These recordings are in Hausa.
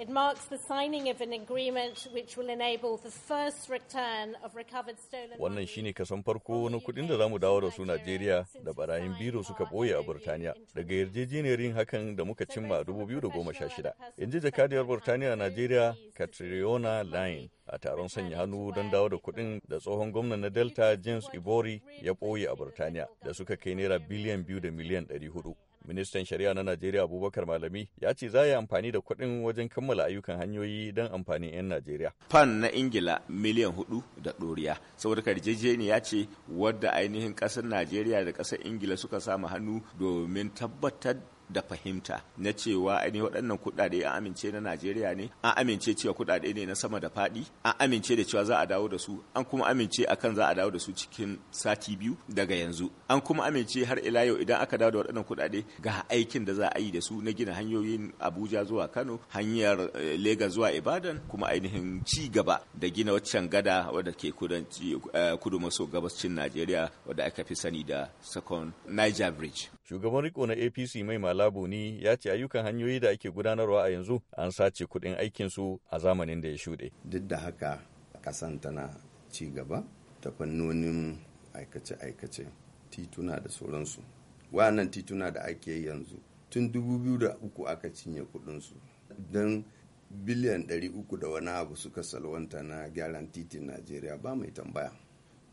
It marks the signing of an agreement which will enable the first return of recovered stolen Wannan shine kasan farko na kuɗin da zamu dawo da su Najeriya da barayin biro suka boye a Burtaniya daga yarjejeniyar yin hakan da muka cimma a 2016. Inji jakadiyar Burtaniya a Najeriya Catriona line a taron sanya hannu don dawo da kuɗin da tsohon gwamnan na Delta James Ibori ya boye a Burtaniya da suka kai naira biliyan biyu da miliyan 400. Ministan Shari'a na Najeriya Abubakar Malami ya ce za a yi amfani da kuɗin wajen kammala ayyukan hanyoyi don amfanin 'yan Najeriya. Fan na Ingila miliyan hudu da ɗoriya. Saboda ya ce wadda ainihin ƙasar Najeriya da ƙasar Ingila suka samu hannu domin tabbatar da fahimta na cewa ne waɗannan kuɗaɗe an amince na Najeriya ne an amince cewa kuɗaɗe ne na sama da faɗi an amince da cewa za a dawo da su an kuma amince akan za a dawo da su cikin sati biyu daga yanzu an kuma amince har ila yau idan aka dawo da waɗannan kuɗaɗe ga aikin da za a yi da su na gina hanyoyin Abuja zuwa Kano hanyar eh, Lagos zuwa Ibadan kuma ainihin ci gaba da gina waccan gada wadda ke eh, kudu maso gabascin Najeriya wadda aka fi sani da Second Niger Bridge. Shugaban riko na APC mai mala Murtala ya ce ayyukan hanyoyi da ake gudanarwa a yanzu an sace kuɗin aikinsu a zamanin da ya shuɗe. Duk da haka kasan tana ci gaba ta fannonin aikace-aikace tituna da sauransu. Wannan tituna da ake yi yanzu tun da uku aka cinye kuɗinsu don biliyan uku da wani abu suka salwanta na gyaran titin Najeriya ba mai tambaya.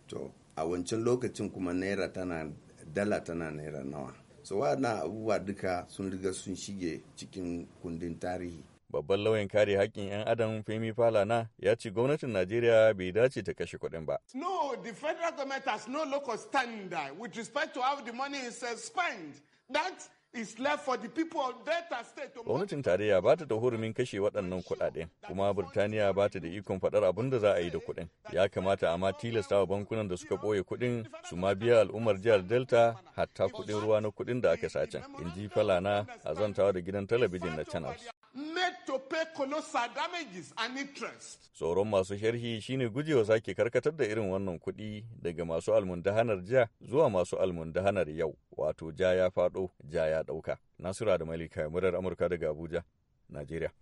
To, a wancan lokacin kuma naira tana dala tana naira nawa. so waɗannan abubuwa duka sun riga sun shige cikin kundin tarihi babban lauyan kare haƙƙin 'yan adam femi falana ya ce gwamnatin najeriya bai dace ta kashe kuɗin ba no the federal government has no local standard with respect to how the money is uh, spent that Gwamnatin tarayya ba ta da hurumin kashe waɗannan kuɗaɗen kuma Burtaniya ba ta da ikon faɗar abin da za a yi da kuɗin. Ya kamata a ma tilasta bankunan da suka ɓoye kuɗin su ma biya al'ummar jihar Delta hatta kuɗin ruwa na kuɗin da aka sace, in ji Falana a zantawa da gidan talabijin na Channels. colossal damages and interest. Tsoron masu sharhi shine gujewa sake karkatar da irin wannan kuɗi daga masu almundahanar ja zuwa masu almundahanar yau, wato ja ya faɗo, ja ya ɗauka. Nasiru da Malika, murar Amurka daga Abuja, Najeriya.